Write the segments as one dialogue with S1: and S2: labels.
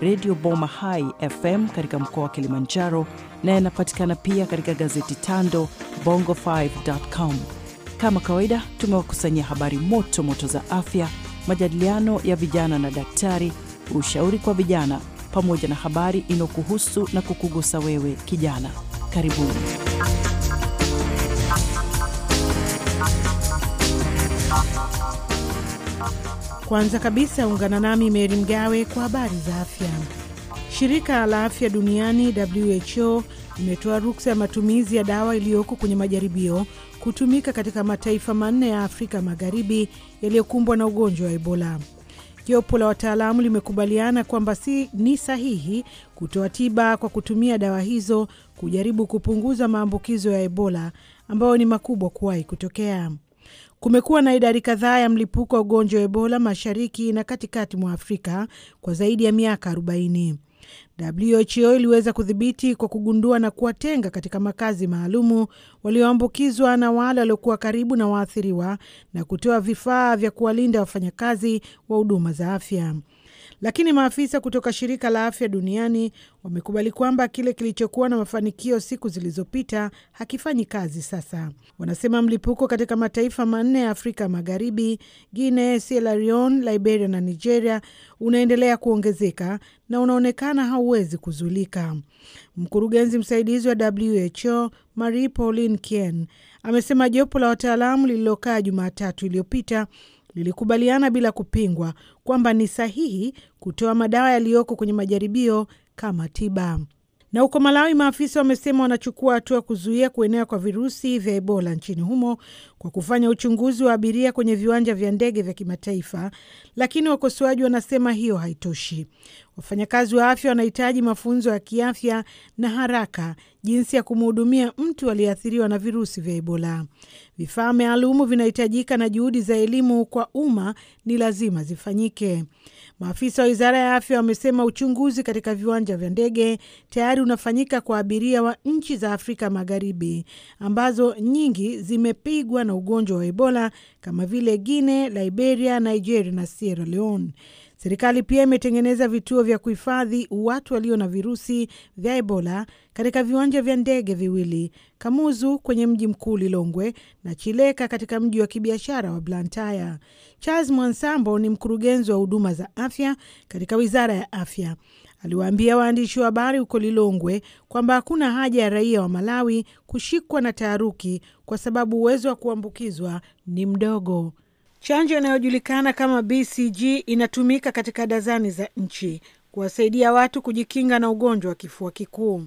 S1: Redio Boma Hai FM katika mkoa wa Kilimanjaro na yanapatikana pia katika gazeti Tando bongo 5 com Kama kawaida, tumewakusanyia habari moto moto za afya, majadiliano ya vijana na daktari, ushauri kwa vijana, pamoja na habari inayokuhusu na kukugusa wewe kijana. Karibuni.
S2: Kwanza kabisa ungana nami Meri Mgawe kwa habari za afya. Shirika la afya duniani WHO limetoa ruksa ya matumizi ya dawa iliyoko kwenye majaribio kutumika katika mataifa manne ya Afrika Magharibi yaliyokumbwa na ugonjwa wa Ebola. Jopo la wataalamu limekubaliana kwamba si ni sahihi kutoa tiba kwa kutumia dawa hizo kujaribu kupunguza maambukizo ya Ebola ambayo ni makubwa kuwahi kutokea. Kumekuwa na idadi kadhaa ya mlipuko wa ugonjwa wa Ebola mashariki na katikati mwa Afrika kwa zaidi ya miaka 40. WHO iliweza kudhibiti kwa kugundua na kuwatenga katika makazi maalumu walioambukizwa na wale waliokuwa karibu na waathiriwa na kutoa vifaa vya kuwalinda wafanyakazi wa huduma za afya lakini maafisa kutoka shirika la afya duniani wamekubali kwamba kile kilichokuwa na mafanikio siku zilizopita hakifanyi kazi sasa. Wanasema mlipuko katika mataifa manne ya Afrika Magharibi, Guinea, Sierra Leone, Liberia na Nigeria unaendelea kuongezeka na unaonekana hauwezi kuzuilika. Mkurugenzi msaidizi wa WHO Marie Pauline Kien amesema jopo la wataalamu lililokaa Jumatatu iliyopita lilikubaliana bila kupingwa kwamba ni sahihi kutoa madawa yaliyoko kwenye majaribio kama tiba. Na huko Malawi, maafisa wamesema wanachukua hatua kuzuia kuenea kwa virusi vya Ebola nchini humo kwa kufanya uchunguzi wa abiria kwenye viwanja vya ndege vya kimataifa, lakini wakosoaji wanasema hiyo haitoshi. Wafanyakazi wa afya wanahitaji mafunzo ya kiafya na haraka jinsi ya kumhudumia mtu aliyeathiriwa na virusi vya Ebola. Vifaa maalumu vinahitajika na juhudi za elimu kwa umma ni lazima zifanyike. Maafisa wa wizara ya afya wamesema uchunguzi katika viwanja vya ndege tayari unafanyika kwa abiria wa nchi za Afrika Magharibi ambazo nyingi zimepigwa na na ugonjwa wa Ebola kama vile guine Liberia, Nigeria na Sierra Leone. Serikali pia imetengeneza vituo vya kuhifadhi watu walio na virusi vya Ebola katika viwanja vya ndege viwili, Kamuzu kwenye mji mkuu Lilongwe na Chileka katika mji wa kibiashara wa Blantyre. Charles Mwansambo ni mkurugenzi wa huduma za afya katika Wizara ya Afya aliwaambia waandishi wa habari huko Lilongwe kwamba hakuna haja ya raia wa Malawi kushikwa na taharuki kwa sababu uwezo wa kuambukizwa ni mdogo. Chanjo inayojulikana kama BCG inatumika katika dazani za nchi kuwasaidia watu kujikinga na ugonjwa wa kifua kikuu.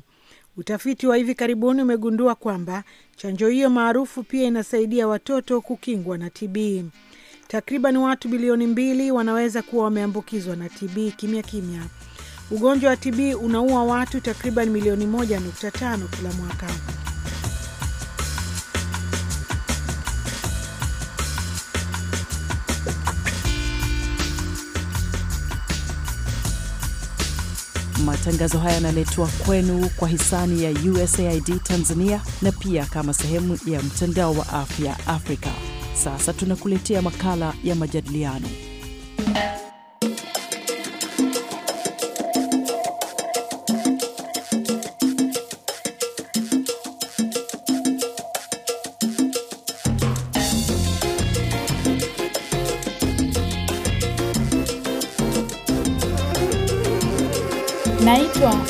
S2: Utafiti wa hivi karibuni umegundua kwamba chanjo hiyo maarufu pia inasaidia watoto kukingwa na TB. Takriban watu bilioni mbili wanaweza kuwa wameambukizwa na TB kimya kimya. Ugonjwa wa TB unaua watu takriban milioni 1.5 kila mwaka.
S1: Matangazo haya yanaletwa kwenu kwa hisani ya USAID Tanzania na pia kama sehemu ya mtandao wa afya Afrika. Sasa tunakuletea makala ya majadiliano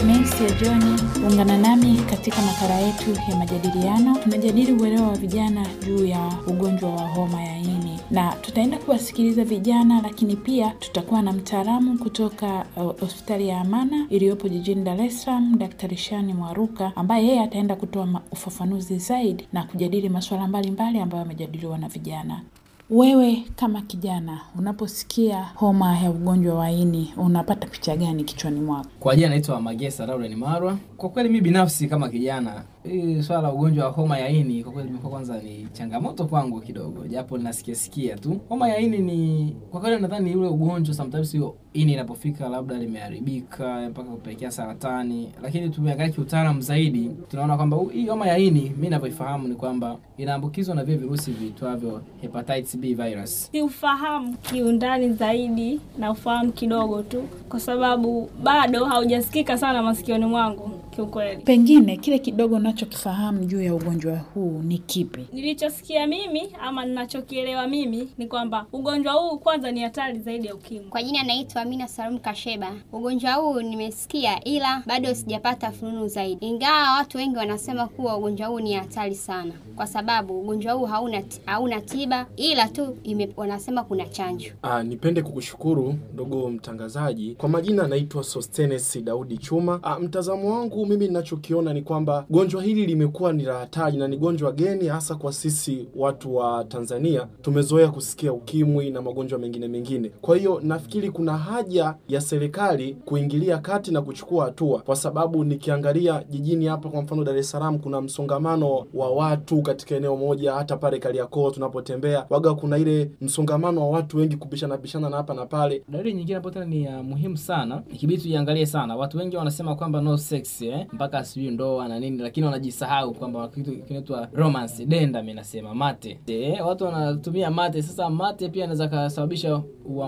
S3: mesi ya joni ungana nami katika makala yetu ya majadiliano. Tunajadili uelewa wa vijana juu ya ugonjwa wa homa ya ini na tutaenda kuwasikiliza vijana, lakini pia tutakuwa na mtaalamu kutoka uh, hospitali uh, ya Amana iliyopo jijini Dar es Salaam, Daktari Shani Mwaruka ambaye yeye ataenda kutoa ufafanuzi zaidi na kujadili masuala mbalimbali ambayo amejadiliwa na vijana. Wewe kama kijana unaposikia homa ya ugonjwa wa ini unapata picha gani kichwani mwako?
S4: Kwa jina naitwa Magesa Laurent Marwa, kwa kweli mi binafsi kama kijana, hii swala la ugonjwa wa homa ya ini kwa kweli limekuwa kwanza ni changamoto kwangu kidogo, japo ninasikia sikia tu. Homa ya ini ni kwa kweli nadhani ule ugonjwa sometimes hiyo ini inapofika labda limeharibika mpaka kupelekea saratani, lakini tumeangalia kiutaalamu zaidi, tunaona kwamba hii homa ya ini mi ninavyoifahamu ni kwamba inaambukizwa na vile virusi viitwavyo hepatitis B virus.
S5: Si ufahamu kiundani zaidi na ufahamu kidogo tu, kwa sababu bado haujasikika sana masikioni mwangu kiukweli.
S3: Pengine kile kidogo nachokifahamu juu ya ugonjwa huu ni kipi?
S5: Nilichosikia mimi ama ninachokielewa mimi ni kwamba ugonjwa huu kwanza ni hatari zaidi ya ukimwi. Kwa jina anaitwa Amina Salum Kasheba. Ugonjwa huu nimesikia, ila bado sijapata fununu zaidi, ingawa watu wengi wanasema kuwa ugonjwa huu ni hatari sana, kwa sababu ugonjwa huu hauna hauna tiba, ila tu ime, wanasema kuna chanjo.
S6: Ah, nipende kukushukuru ndugu mtangazaji. Kwa majina anaitwa Sostenes Daudi Chuma. Ah, mtazamo wangu mimi ninachokiona ni kwamba gonjwa hili limekuwa ni la hatari na ni gonjwa geni, hasa kwa sisi watu wa Tanzania. Tumezoea kusikia ukimwi na magonjwa mengine mengine. Kwa hiyo nafikiri kuna haja ya serikali kuingilia kati na kuchukua hatua, kwa sababu nikiangalia jijini hapa, kwa mfano Dar es Salaam, kuna msongamano wa watu katika eneo moja. Hata pale Kariakoo tunapotembea waga, kuna ile msongamano wa watu wengi kubishana bishana na hapa na
S4: pale. Dalili nyingine ambayo tena ni ya ah, muhimu sana, ikibidi tuiangalie sana, watu wengi wanasema kwamba no sex eh? eh, mpaka sijui ndoa na nini, lakini wanajisahau kwamba kitu kinaitwa romance. Denda mimi nasema mate eh, watu wanatumia mate. Sasa mate pia anaweza kasababisha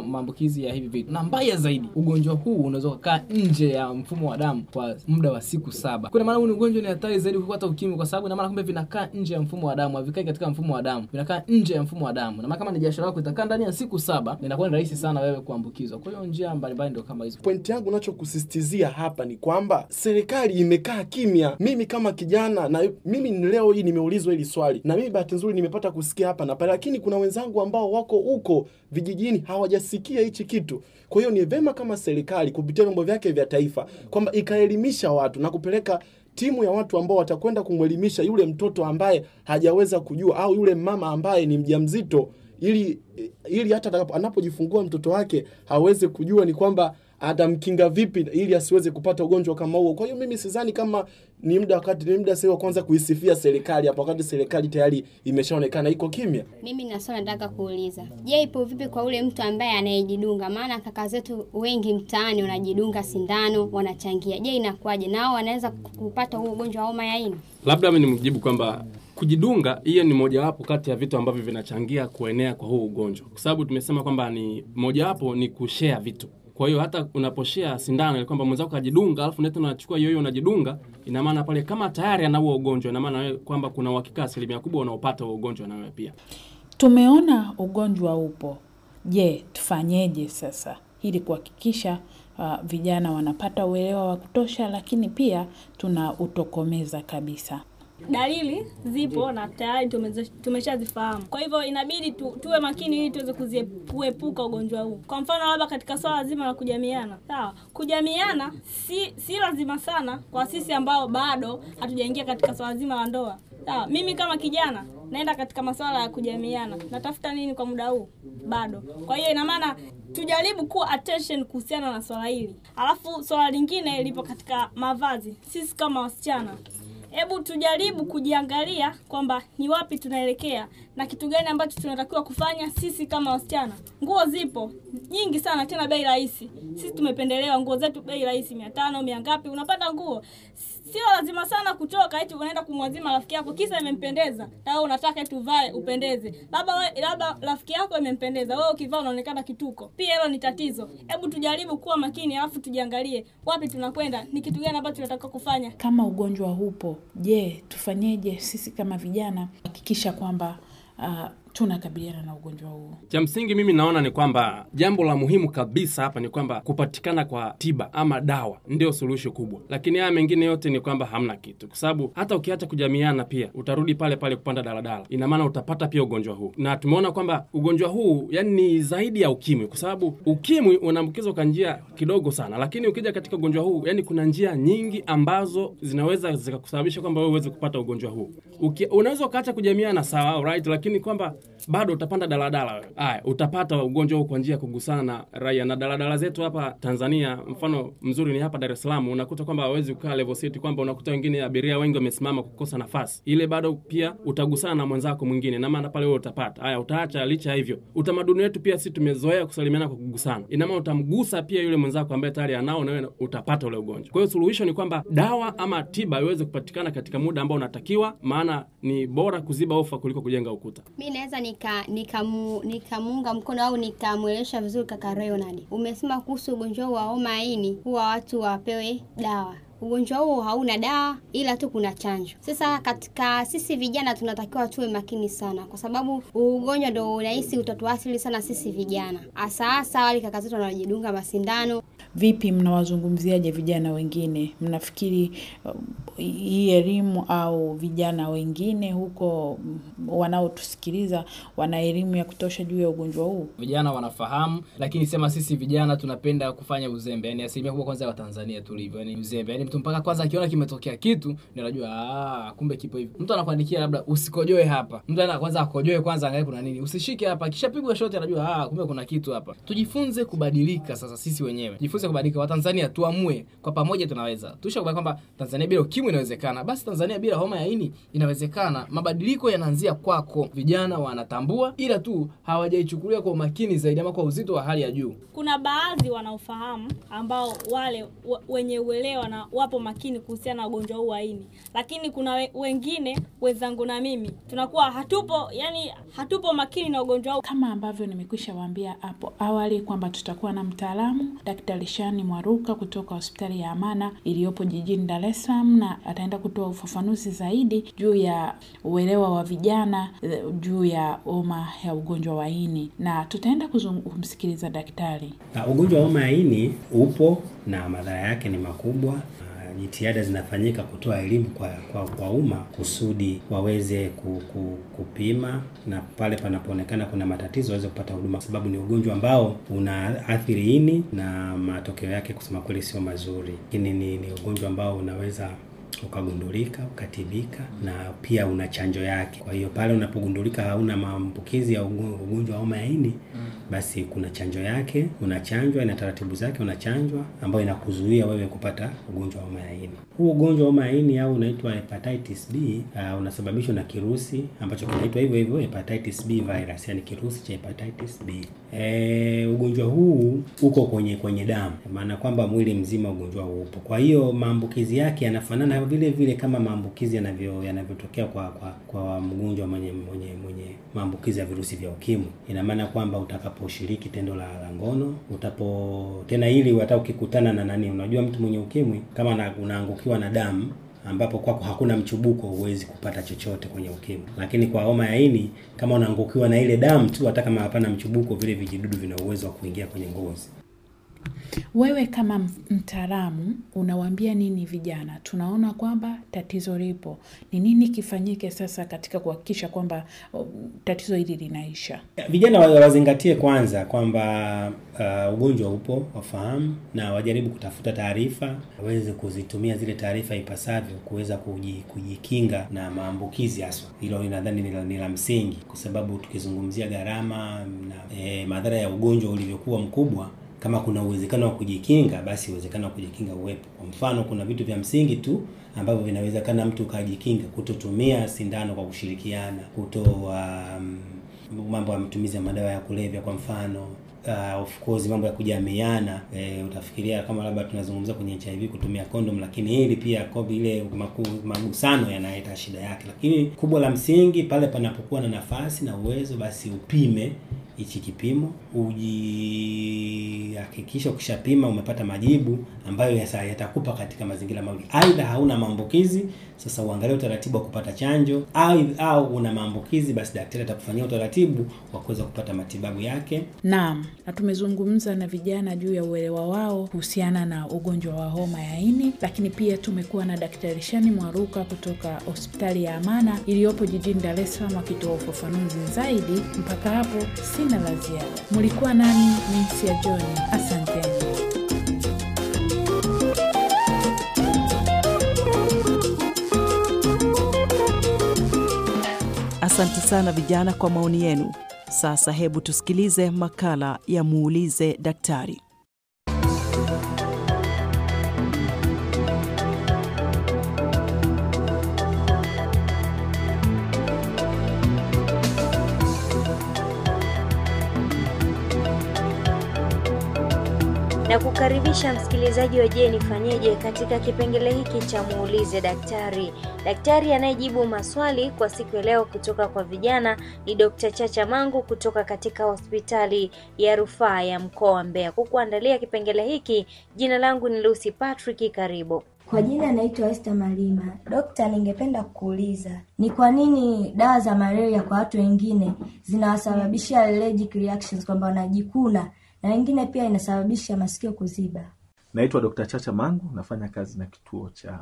S4: maambukizi ya hivi vitu, na mbaya zaidi ugonjwa huu unaweza kukaa nje ya mfumo wa damu kwa muda wa siku saba. Kwa maana huu ni ugonjwa ni hatari zaidi kuliko hata ukimwi, kwa sababu na maana kumbe vinakaa nje ya mfumo wa damu, havikai katika mfumo wa damu, vinakaa nje ya mfumo wa damu, na maana kama ni jasho lako itakaa ndani ya siku saba, inakuwa ni rahisi sana wewe kuambukizwa. Kwa
S6: hiyo njia mbalimbali ndio kama hizo. Pointi yangu nachokusisitizia hapa ni kwamba serikali imekaa kimya. Mimi kama kijana na mimi leo hii nimeulizwa hili swali, na mimi bahati nzuri nimepata kusikia hapa na pale, lakini kuna wenzangu ambao wako huko vijijini hawajasikia hichi kitu. Kwa hiyo ni vema kama serikali kupitia vyombo vyake vya taifa kwamba ikaelimisha watu na kupeleka timu ya watu ambao watakwenda kumwelimisha yule mtoto ambaye hajaweza kujua au yule mama ambaye ni mjamzito, ili ili hata anapojifungua mtoto wake haweze kujua ni kwamba atamkinga vipi ili asiweze kupata ugonjwa kama huo. Kwa hiyo mimi sidhani kama ni muda wakati ni muda sasa kwanza kuisifia serikali hapa, wakati serikali tayari imeshaonekana iko kimya.
S5: Mimi na swali nataka kuuliza, je, ipo vipi kwa ule mtu ambaye anayejidunga? Maana kaka zetu wengi mtaani wanajidunga sindano, wanachangia. Je, inakuwaje? Nao wanaweza kupata huo ugonjwa wa homa ya ini?
S7: Labda mimi nimjibu kwamba kujidunga hiyo ni mojawapo kati ya vitu ambavyo vinachangia kuenea kwa huu ugonjwa, kwa sababu tumesema kwamba ni mojawapo ni kushare vitu kwa hiyo hata unaposhea sindano ile kwamba mwenzako kajidunga, alafu ndio unachukua hiyo hiyo unajidunga, ina maana pale kama tayari ana huo ugonjwa, ina maana kwamba kuna uhakika asilimia kubwa unaopata huo ugonjwa
S3: na wewe pia. Tumeona ugonjwa upo. Je, tufanyeje sasa ili kuhakikisha uh, vijana wanapata uelewa wa kutosha, lakini pia tuna utokomeza kabisa?
S5: dalili zipo na tayari tumeshazifahamu. Kwa hivyo inabidi tu, tuwe makini ili tuweze kuepuka ugonjwa huu. Kwa mfano, labda katika swala zima la kujamiana, sawa, kujamiana si, si lazima sana kwa sisi ambao bado hatujaingia katika swala zima la ndoa. Sawa, mimi kama kijana naenda katika masuala ya kujamiana, natafuta nini kwa muda huu? Bado. Kwa hiyo ina maana tujaribu kuwa attention kuhusiana na swala hili. Alafu swala lingine lipo katika mavazi. Sisi kama wasichana hebu tujaribu kujiangalia kwamba ni wapi tunaelekea na kitu gani ambacho tunatakiwa kufanya sisi kama wasichana. Nguo zipo nyingi sana, tena bei rahisi. Sisi tumependelewa, nguo zetu bei rahisi, mia tano, mia ngapi unapata nguo Sio lazima sana kutoka eti unaenda kumwazima rafiki yako kisa imempendeza, na unataka eti uvae upendeze. Labda labda rafiki yako imempendeza, wewe ukivaa unaonekana kituko. Pia hilo ni tatizo. Hebu tujaribu kuwa makini, alafu tujiangalie wapi tunakwenda, ni kitu gani ambacho tunataka kufanya.
S3: Kama ugonjwa upo, je, tufanyeje sisi kama vijana hakikisha kwamba ah, tunakabiliana na ugonjwa huu.
S7: Cha msingi mimi naona ni kwamba jambo la muhimu kabisa hapa ni kwamba kupatikana kwa tiba ama dawa ndio suluhisho kubwa, lakini haya mengine yote ni kwamba hamna kitu, kwa sababu hata ukiacha kujamiana pia utarudi pale pale kupanda daladala, ina maana utapata pia ugonjwa huu. Na tumeona kwamba ugonjwa huu yani ni zaidi ya ukimwi, kwa sababu ukimwi unaambukizwa kwa njia kidogo sana, lakini ukija katika ugonjwa huu yani kuna njia nyingi ambazo zinaweza zikakusababisha kwamba wewe uweze kupata ugonjwa huu. Unaweza ukaacha kujamiana, sawa, alright, lakini kwamba bado utapanda daladala wewe. Haya, utapata ugonjwa huu kwa njia ya kugusana raia na daladala zetu hapa Tanzania. Mfano mzuri ni hapa Dar es Salaam, unakuta kwamba hawezi kukaa level seat, kwamba unakuta wengine abiria wengi wamesimama kukosa nafasi ile, bado pia utagusana na mwenzako mwingine, na maana pale wewe utapata haya, utaacha. Licha hivyo, utamaduni wetu pia sisi tumezoea kusalimiana kwa kugusana, ina maana utamgusa pia yule mwenzako ambaye tayari anao, na wewe utapata ule ugonjwa. Kwa hiyo suluhisho ni kwamba dawa ama tiba iweze kupatikana katika muda ambao unatakiwa, maana ni bora kuziba ofa kuliko kujenga
S4: ukuta.
S5: Mine naweza nikamuunga nika, nika, nika mkono au nikamwelesha vizuri kaka Leonard. Umesema kuhusu ugonjwa wa homa ini huwa watu wapewe dawa ugonjwa huo hauna dawa ila tu kuna chanjo. Sasa katika sisi vijana tunatakiwa tuwe makini sana, kwa sababu ugonjwa ndio unahisi utatuathiri sana sisi vijana, hasa hasa wale kaka zetu wanaojidunga masindano
S3: vipi mnawazungumziaje vijana wengine? Mnafikiri uh, hii elimu au vijana wengine huko mm, wanaotusikiliza wana elimu ya kutosha juu ya ugonjwa huu?
S4: Vijana wanafahamu, lakini sema sisi vijana tunapenda kufanya uzembe, yani asilimia kubwa kwanza ya Watanzania tulivyo, yani uzembe, yani mtu mpaka kwanza akiona kimetokea kitu ndio anajua ah, kumbe kipo hivi. Mtu anakuandikia labda usikojoe hapa, mtu ana kwanza akojoe kwanza, angalie kuna nini, usishike hapa, kisha pigwa shoti, anajua ah, kumbe kuna kitu hapa. Tujifunze kubadilika sasa sisi wenyewe, jifunze fursa ya kubadilika. Watanzania tuamue kwa pamoja, tunaweza tushakubali kwamba Tanzania bila ukimwi inawezekana, basi Tanzania bila homa ya ini inawezekana. Mabadiliko yanaanzia kwako. Vijana wanatambua, ila tu hawajaichukulia kwa umakini zaidi ama kwa uzito wa hali ya juu.
S5: Kuna baadhi wanaofahamu ambao wale wenye uelewa na wapo makini kuhusiana na ugonjwa huu wa ini, lakini kuna we, wengine wenzangu na mimi tunakuwa hatupo, yani hatupo makini na ugonjwa huu, kama ambavyo
S3: nimekwisha waambia hapo awali kwamba tutakuwa na mtaalamu daktari Maishani Mwaruka kutoka hospitali ya Amana iliyopo jijini Dar es Salaam, na ataenda kutoa ufafanuzi zaidi juu ya uelewa wa vijana juu ya homa ya ugonjwa wa ini, na tutaenda kumsikiliza daktari. Ugonjwa wa homa ya
S8: ini upo na madhara yake ni makubwa jitihada zinafanyika kutoa elimu kwa, kwa, kwa umma kusudi waweze ku, ku, kupima na pale panapoonekana kuna matatizo waweze kupata huduma, kwa sababu ni ugonjwa ambao athiri ini na matokeo yake kusema kweli sio mazuri, lakini ni, ni ugonjwa ambao unaweza ukagundulika, ukatibika na pia una chanjo yake. Kwa hiyo pale unapogundulika hauna maambukizi ya ugonjwa wa homa ya ini mm. basi kuna chanjo yake, unachanjwa, ina taratibu zake, unachanjwa ambayo inakuzuia wewe kupata ugonjwa wa homa ya ini. Huu ugonjwa wa homa ya ini au unaitwa hepatitis B uh, unasababishwa na kirusi ambacho kinaitwa hivyo hivyo hepatitis B virus, yani kirusi cha hepatitis B. E, ugonjwa huu uko kwenye kwenye damu, maana kwamba mwili mzima ugonjwa huu upo. Kwa hiyo maambukizi yake yanafanana vile vile kama maambukizi yanavyo yanavyotokea kwa kwa, kwa mgonjwa mwenye mwenye mwenye maambukizi ya virusi vya ukimwi, ina maana kwamba utakaposhiriki tendo la, la ngono utapo tena hili hata ukikutana na nani, unajua mtu mwenye ukimwi kama na, unaangukiwa na damu ambapo kwako hakuna mchubuko, huwezi kupata chochote kwenye ukimwi. Lakini kwa homa ya ini, kama unaangukiwa na ile damu tu, hata kama hapana mchubuko, vile vijidudu vina uwezo wa kuingia kwenye ngozi.
S3: Wewe kama mtaalamu unawaambia nini vijana? Tunaona kwamba tatizo lipo. Ni nini kifanyike sasa katika kuhakikisha kwamba um, tatizo hili linaisha?
S8: Vijana wazingatie kwanza kwamba uh, ugonjwa upo, wafahamu na wajaribu kutafuta taarifa, waweze kuzitumia zile taarifa ipasavyo kuweza kujikinga na maambukizi haswa. Hilo nadhani ni la msingi, kwa sababu tukizungumzia gharama na eh, madhara ya ugonjwa ulivyokuwa mkubwa kama kuna uwezekano wa kujikinga, basi uwezekano wa kujikinga uwepo. Kwa mfano, kuna vitu vya msingi tu ambavyo vinawezekana mtu ukajikinga: kutotumia sindano kwa kushirikiana, kuto um, mm, mambo ya matumizi ya madawa ya kulevya kwa mfano. Uh, of course mambo ya kujamiana e, utafikiria kama labda tunazungumza kwenye HIV kutumia kondom, lakini hili pia kovi ile magusano yanaleta shida yake, lakini kubwa la msingi pale panapokuwa na nafasi na uwezo, basi upime hichi kipimo, ujihakikisha ukishapima umepata majibu ambayo yatakupa katika mazingira mawili, aidha hauna maambukizi, sasa uangalie utaratibu wa kupata chanjo, au au una maambukizi, basi daktari atakufanyia utaratibu wa kuweza kupata matibabu yake.
S3: Naam, na tumezungumza na vijana juu ya uelewa wao kuhusiana na ugonjwa wa homa ya ini, lakini pia tumekuwa na Daktari Shani Mwaruka kutoka hospitali ya Amana iliyopo jijini Dar es Salaam akitoa ufafanuzi zaidi. Mpaka hapo si sina la ziada. Mlikuwa nami ya John, asanteni.
S1: Asante sana vijana kwa maoni yenu. Sasa hebu tusikilize makala ya muulize daktari.
S4: na kukaribisha msikilizaji wa Je Nifanyeje katika kipengele hiki cha muulize daktari. Daktari anayejibu maswali kwa siku ya leo kutoka kwa vijana ni Dkt. Chacha Mangu kutoka katika hospitali ya rufaa ya mkoa wa Mbeya. Kukuandalia kipengele hiki, jina langu ni Lucy Patrick, karibu.
S5: Kwa jina naitwa Esther Malima. Dokta, ningependa kukuuliza ni kwa nini dawa za malaria kwa watu wengine zinawasababishia allergic reactions, kwamba wanajikuna na nyingine pia inasababisha masikio kuziba.
S9: Naitwa Dr. Chacha Mangu, nafanya kazi na kituo cha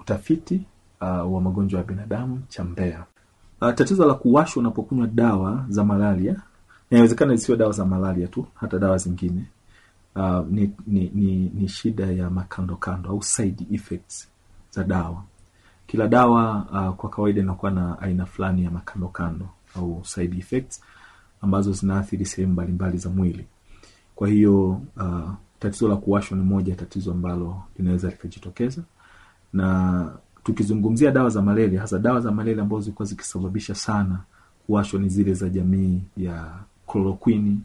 S9: utafiti uh, wa magonjwa ya binadamu cha Mbeya. Uh, tatizo la kuwashwa unapokunywa dawa za malaria, inawezekana isiwe dawa za malaria tu, hata dawa zingine uh, ni, ni, ni, ni shida ya makandokando au side effects za dawa. Kila dawa uh, kwa kawaida inakuwa na aina fulani ya makandokando au side effects ambazo zinaathiri sehemu mbalimbali za mwili. Kwa hiyo uh, tatizo la kuwashwa ni moja tatizo ambalo linaweza likajitokeza, na tukizungumzia dawa za malaria, hasa dawa za malaria ambazo zilikuwa zikisababisha sana kuwashwa ni zile za jamii ya klorokwini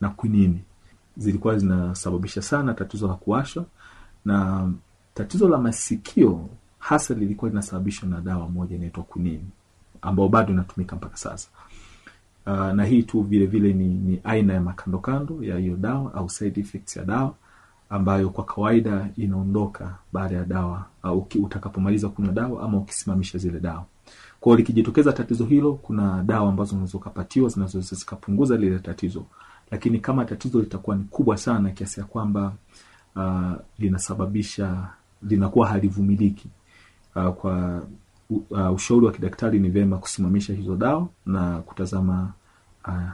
S9: na kwinini, zilikuwa zinasababisha sana tatizo la kuwashwa, na tatizo la masikio hasa lilikuwa linasababishwa na dawa moja inaitwa kwinini ambayo bado inatumika mpaka sasa. Uh, na hii tu vile vile ni, ni aina ya makandokando ya hiyo dawa au side effects ya dawa ambayo kwa kawaida inaondoka baada ya dawa au utakapomaliza kunywa dawa ama ukisimamisha zile dawa. Kwa likijitokeza tatizo hilo, kuna dawa ambazo unaweza kupatiwa zinazoweza zikapunguza lile tatizo, lakini kama tatizo litakuwa ni kubwa sana kiasi ya kwamba uh, linasababisha linakuwa halivumiliki uh, kwa uh, ushauri wa kidaktari ni vyema kusimamisha hizo dawa na kutazama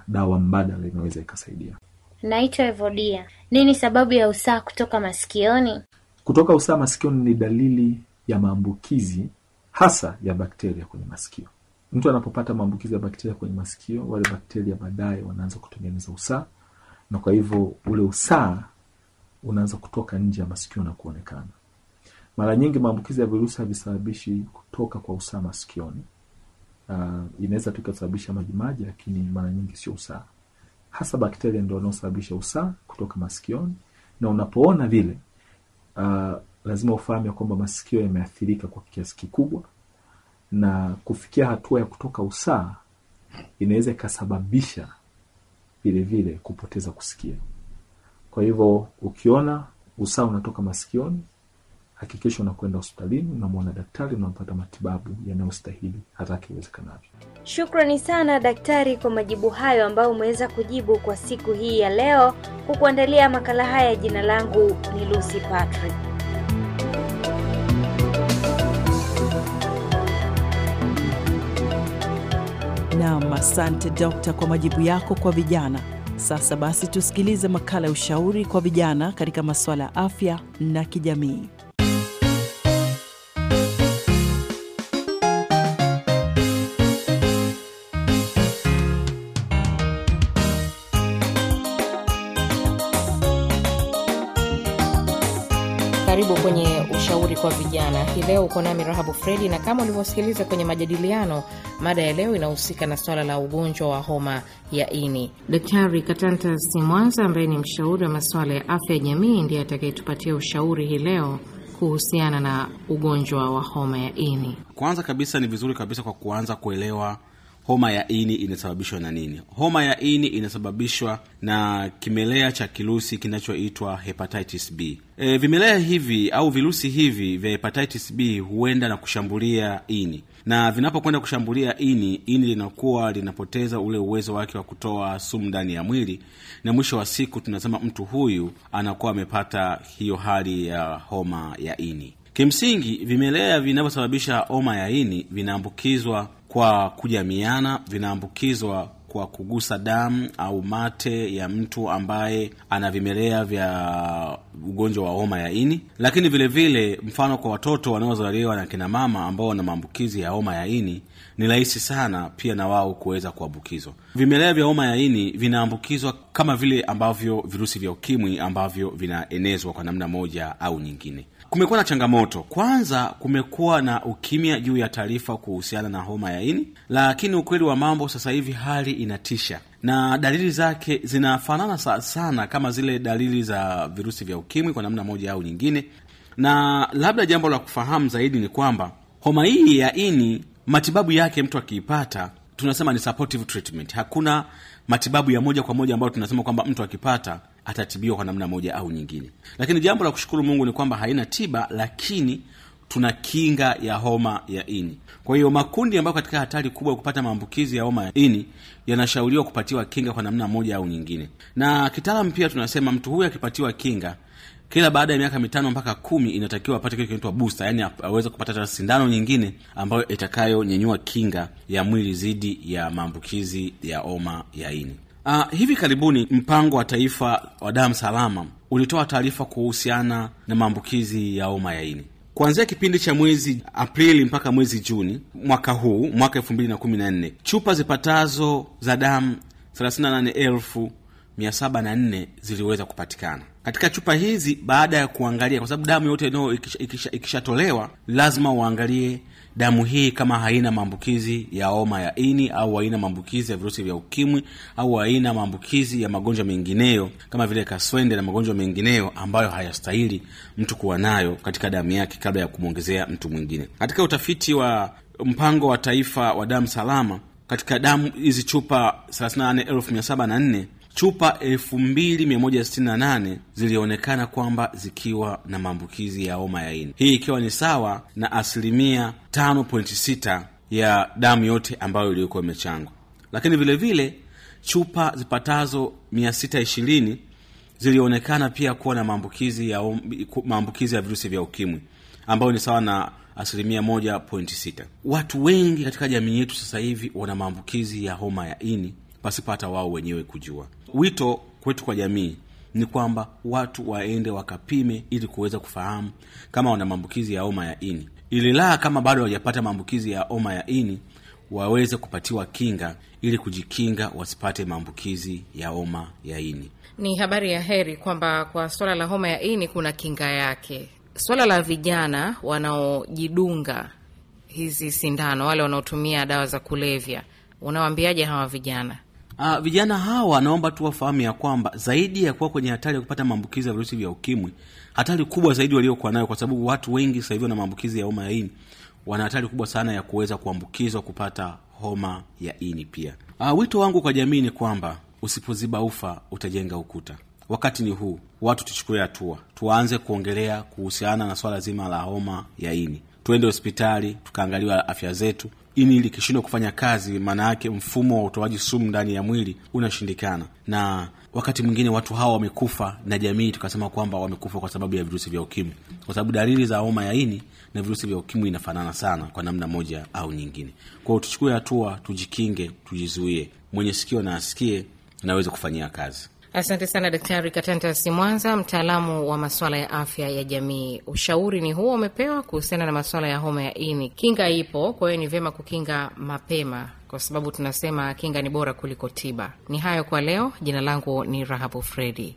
S9: dawa mbadala inaweza ikasaidia.
S4: Naitwa Evodia.
S2: Nini sababu ya usaha kutoka masikioni?
S9: Kutoka usaha masikioni ni dalili ya maambukizi hasa ya bakteria kwenye masikio. Mtu anapopata maambukizi ya bakteria kwenye masikio, wale bakteria baadaye wanaanza kutengeneza usaha, na kwa hivyo ule usaha unaanza kutoka nje ya masikio na kuonekana. Mara nyingi maambukizi ya virusi havisababishi kutoka kwa usaha masikioni, uh, inaweza maji majimaji, lakini mara nyingi sio usaha. Hasa bakteria ndio wanaosababisha usaha kutoka masikioni, na unapoona vile uh, lazima ufahamu kwamba masikio yameathirika kwa kiasi kikubwa, na kufikia hatua ya kutoka usaha inaweza ikasababisha vile vile kupoteza kusikia. Kwa hivyo ukiona usaa unatoka masikioni hakikisha unakwenda hospitalini, unamwona daktari, unampata matibabu yanayostahili haraka iwezekanavyo.
S5: Shukrani sana daktari kwa majibu hayo ambayo umeweza kujibu kwa siku hii ya leo. Kukuandalia makala haya, jina langu ni Lucy Patrick.
S1: Nam, asante dokta kwa majibu yako kwa vijana. Sasa basi tusikilize makala ya ushauri kwa vijana katika masuala ya afya na kijamii.
S10: kwa vijana. Hii leo uko nami Rahabu Fredi, na kama ulivyosikiliza kwenye majadiliano, mada ya leo inahusika na swala la ugonjwa wa homa ya ini. Daktari Katantas Mwanza ambaye ni mshauri wa masuala ya afya ya jamii ndiye atakayetupatia ushauri hii leo kuhusiana na ugonjwa wa homa ya ini.
S11: Kwanza kabisa ni vizuri kabisa kwa kuanza kuelewa homa ya ini inasababishwa na nini? Homa ya ini inasababishwa na kimelea cha kirusi kinachoitwa hepatitis B. E, vimelea hivi au virusi hivi vya hepatitis B huenda na kushambulia ini, na vinapokwenda kushambulia ini, ini linakuwa linapoteza ule uwezo wake wa kutoa sumu ndani ya mwili, na mwisho wa siku tunasema mtu huyu anakuwa amepata hiyo hali ya homa ya ini. Kimsingi, vimelea vinavyosababisha homa ya ini vinaambukizwa kwa kujamiana, vinaambukizwa kwa kugusa damu au mate ya mtu ambaye ana vimelea vya ugonjwa wa homa ya ini. Lakini vilevile vile, mfano kwa watoto wanaozaliwa na kina mama ambao wana maambukizi ya homa ya ini, ni rahisi sana pia na wao kuweza kuambukizwa. Vimelea vya homa ya ini vinaambukizwa kama vile ambavyo virusi vya ukimwi ambavyo vinaenezwa kwa namna moja au nyingine. Kumekuwa na changamoto. Kwanza, kumekuwa na ukimya juu ya taarifa kuhusiana na homa ya ini, lakini ukweli wa mambo sasa hivi hali inatisha na dalili zake zinafanana sana, sana kama zile dalili za virusi vya ukimwi kwa namna moja au nyingine. Na labda jambo la kufahamu zaidi ni kwamba homa hii ya ini, matibabu yake mtu akiipata, tunasema ni supportive treatment. Hakuna matibabu ya moja kwa moja ambayo tunasema kwamba mtu akipata atatibiwa kwa namna moja au nyingine. Lakini jambo la kushukuru Mungu ni kwamba haina tiba, lakini tuna kinga ya homa ya ini. Kwa hiyo makundi ambayo katika hatari kubwa ya kupata maambukizi ya homa ya ini yanashauriwa kupatiwa kinga kwa namna moja au nyingine, na kitaalamu pia tunasema mtu huyu akipatiwa kinga kila baada ya miaka mitano mpaka kumi inatakiwa apate kitu kinaitwa booster, yaani aweze kupata ta sindano nyingine ambayo itakayonyenyua kinga ya mwili dhidi ya maambukizi ya homa ya ini. Uh, hivi karibuni mpango wa taifa wa damu salama ulitoa taarifa kuhusiana na maambukizi ya homa ya ini kuanzia kipindi cha mwezi Aprili mpaka mwezi Juni mwaka huu mwaka elfu mbili na kumi na nne chupa zipatazo za damu thelathini na nane elfu mia saba na nne ziliweza kupatikana katika chupa hizi. Baada ya kuangalia, kwa sababu damu yote no, ikishatolewa ikisha, ikisha lazima uangalie Damu hii kama haina maambukizi ya homa ya ini au haina maambukizi ya virusi vya ukimwi au haina maambukizi ya magonjwa mengineyo kama vile kaswende na magonjwa mengineyo ambayo hayastahili mtu kuwa nayo katika damu yake kabla ya kumwongezea mtu mwingine. Katika utafiti wa mpango wa taifa wa damu salama katika damu hizi chupa 38704 chupa 2168 zilionekana kwamba zikiwa na maambukizi ya homa ya ini, hii ikiwa ni sawa na asilimia 5.6 ya damu yote ambayo iliyokuwa imechangwa. Lakini vilevile vile, chupa zipatazo 620 zilionekana pia kuwa na maambukizi ya, maambukizi ya virusi vya ukimwi ambayo ni sawa na asilimia 1.6. Watu wengi katika jamii yetu sasa hivi wana maambukizi ya homa ya ini pasipo hata wao wenyewe kujua. Wito kwetu kwa jamii ni kwamba watu waende wakapime ili kuweza kufahamu kama wana maambukizi ya homa ya ini, ili la kama bado hawajapata maambukizi ya homa ya ini waweze kupatiwa kinga ili kujikinga wasipate maambukizi ya homa ya ini.
S10: Ni habari ya heri kwamba kwa swala la homa ya ini kuna kinga yake. Swala la vijana wanaojidunga hizi sindano, wale wanaotumia dawa za kulevya, unawaambiaje hawa vijana?
S11: Uh, vijana hawa naomba tu wafahamu ya kwamba zaidi ya kuwa kwenye hatari ya kupata maambukizi ya virusi vya ukimwi, hatari kubwa zaidi waliokuwa nayo, kwa sababu watu wengi sasa hivi wana maambukizi ya homa ya ini, wana hatari kubwa sana ya kuweza kuambukizwa kupata homa ya ini pia. Uh, wito wangu kwa jamii ni kwamba usipoziba ufa utajenga ukuta. Wakati ni huu, watu tuchukue hatua, tuanze kuongelea kuhusiana na swala zima la homa ya ini, tuende hospitali tukaangaliwa afya zetu, ini likishindwa kufanya kazi, maana yake mfumo wa utoaji sumu ndani ya mwili unashindikana, na wakati mwingine watu hawa wamekufa, na jamii tukasema kwamba wamekufa kwa sababu ya virusi vya ukimwi, kwa sababu dalili za homa ya ini na virusi vya ukimwi inafanana sana kwa namna moja au nyingine. Kwa hiyo tuchukue hatua, tujikinge, tujizuie. Mwenye sikio na asikie, naweze kufanyia kazi.
S10: Asante sana Daktari Katantas Mwanza, mtaalamu wa masuala ya afya ya jamii. Ushauri ni huo umepewa kuhusiana na masuala ya homa ya ini. Kinga ipo, kwa hiyo ni vyema kukinga mapema, kwa sababu tunasema kinga ni bora kuliko tiba. Ni hayo kwa leo. Jina langu ni Rahabu Fredi.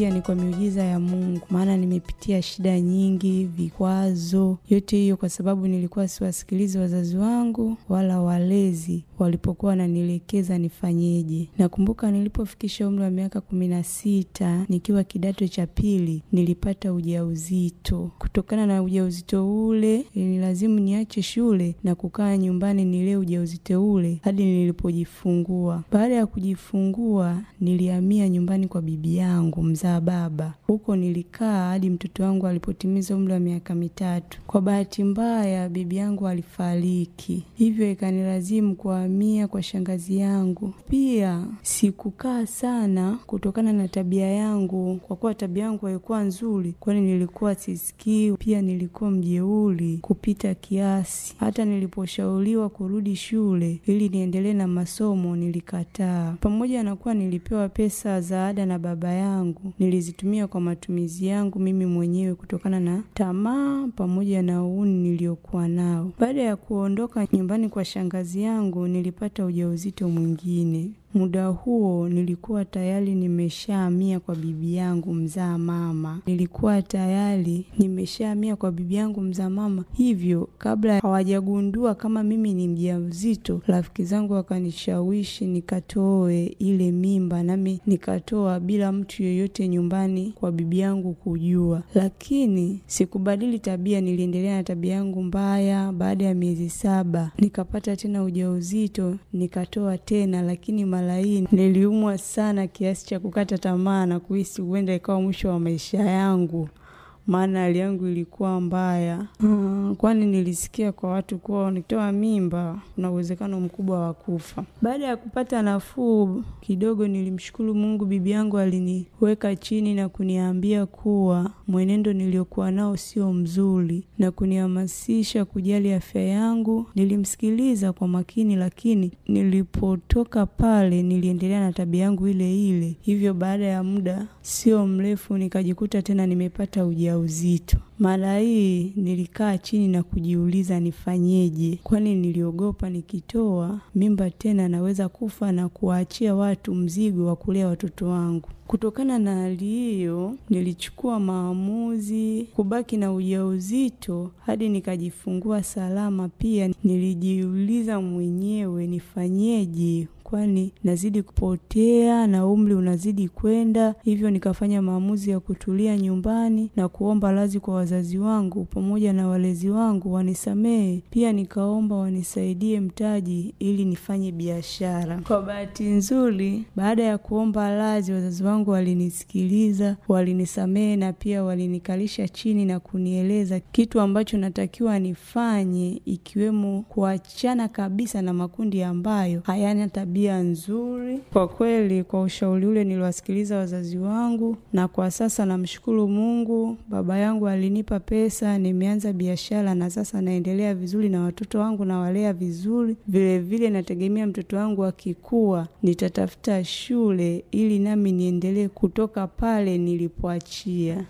S12: pia ni kwa miujiza ya Mungu, maana nimepitia shida nyingi, vikwazo, yote hiyo kwa sababu nilikuwa siwasikilizi wazazi wangu wala walezi walipokuwa wananielekeza nifanyeje. Nakumbuka nilipofikisha umri wa miaka kumi na sita nikiwa kidato cha pili, nilipata ujauzito. Kutokana na ujauzito ule, ni lazimu niache shule na kukaa nyumbani nilee ujauzito ule hadi nilipojifungua. Baada ya kujifungua, niliamia nyumbani kwa bibi yangu mzazi za baba. Huko nilikaa hadi mtoto wangu alipotimiza umri wa miaka mitatu. Kwa bahati mbaya, bibi yangu alifariki, hivyo ikanilazimu kuhamia kwa shangazi yangu. Pia sikukaa sana kutokana na tabia yangu, kwa kuwa tabia yangu haikuwa nzuri, kwani nilikuwa sisikii. Pia nilikuwa mjeuri kupita kiasi. Hata niliposhauriwa kurudi shule ili niendelee na masomo nilikataa. Pamoja na kuwa nilipewa pesa za ada na baba yangu, nilizitumia kwa matumizi yangu mimi mwenyewe kutokana na tamaa pamoja na uni niliyokuwa nao. Baada ya kuondoka nyumbani kwa shangazi yangu, nilipata ujauzito mwingine. Muda huo nilikuwa tayari nimeshahamia kwa bibi yangu mzaa mama, nilikuwa tayari nimeshahamia kwa bibi yangu mzaa mama. Hivyo kabla hawajagundua kama mimi ni mjamzito, rafiki zangu wakanishawishi nikatoe ile mimba, nami nikatoa bila mtu yoyote nyumbani kwa bibi yangu kujua, lakini sikubadili tabia, niliendelea na tabia yangu mbaya. Baada ya miezi saba nikapata tena ujauzito, nikatoa tena, lakini kuwa hii Niliumwa sana kiasi cha kukata tamaa na kuhisi huenda ikawa mwisho wa maisha yangu maana hali yangu ilikuwa mbaya mm, kwani nilisikia kwa watu kuwa nitoa mimba kuna uwezekano mkubwa wa kufa. Baada ya kupata nafuu kidogo, nilimshukuru Mungu, bibi yangu aliniweka chini na kuniambia kuwa mwenendo niliokuwa nao sio mzuri na kunihamasisha kujali afya yangu. Nilimsikiliza kwa makini, lakini nilipotoka pale niliendelea na tabia yangu ile ile. Hivyo baada ya muda sio mrefu nikajikuta tena nimepata uja ujauzito. Mara hii nilikaa chini na kujiuliza nifanyeje, kwani niliogopa nikitoa mimba tena naweza kufa na kuwaachia watu mzigo wa kulea watoto wangu. Kutokana na hali hiyo, nilichukua maamuzi kubaki na ujauzito hadi nikajifungua salama. Pia nilijiuliza mwenyewe nifanyeje kwani nazidi kupotea na umri unazidi kwenda, hivyo nikafanya maamuzi ya kutulia nyumbani na kuomba radhi kwa wazazi wangu pamoja na walezi wangu wanisamehe. Pia nikaomba wanisaidie mtaji ili nifanye biashara. Kwa bahati nzuri, baada ya kuomba radhi, wazazi wangu walinisikiliza, walinisamehe na pia walinikalisha chini na kunieleza kitu ambacho natakiwa nifanye, ikiwemo kuachana kabisa na makundi ambayo hayana tabia tabia nzuri. Kwa kweli, kwa ushauri ule niliwasikiliza wazazi wangu, na kwa sasa namshukuru Mungu. Baba yangu alinipa pesa, nimeanza biashara na sasa naendelea vizuri, na watoto wangu nawalea vizuri. Vilevile nategemea mtoto wangu akikua, nitatafuta shule ili nami niendelee kutoka pale nilipoachia.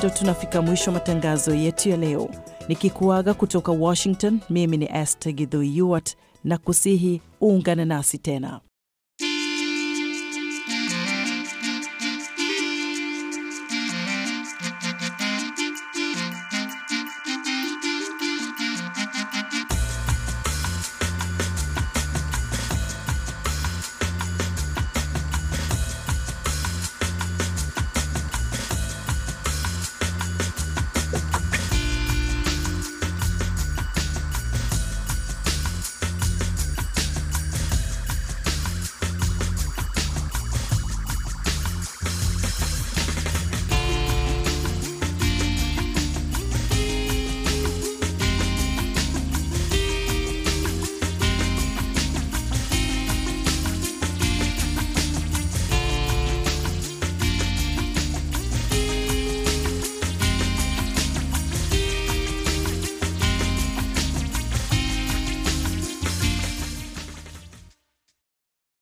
S1: ndo tunafika mwisho matangazo yetu ya leo, nikikuaga kutoka Washington. Mimi ni este Gidho na kusihi uungane nasi tena.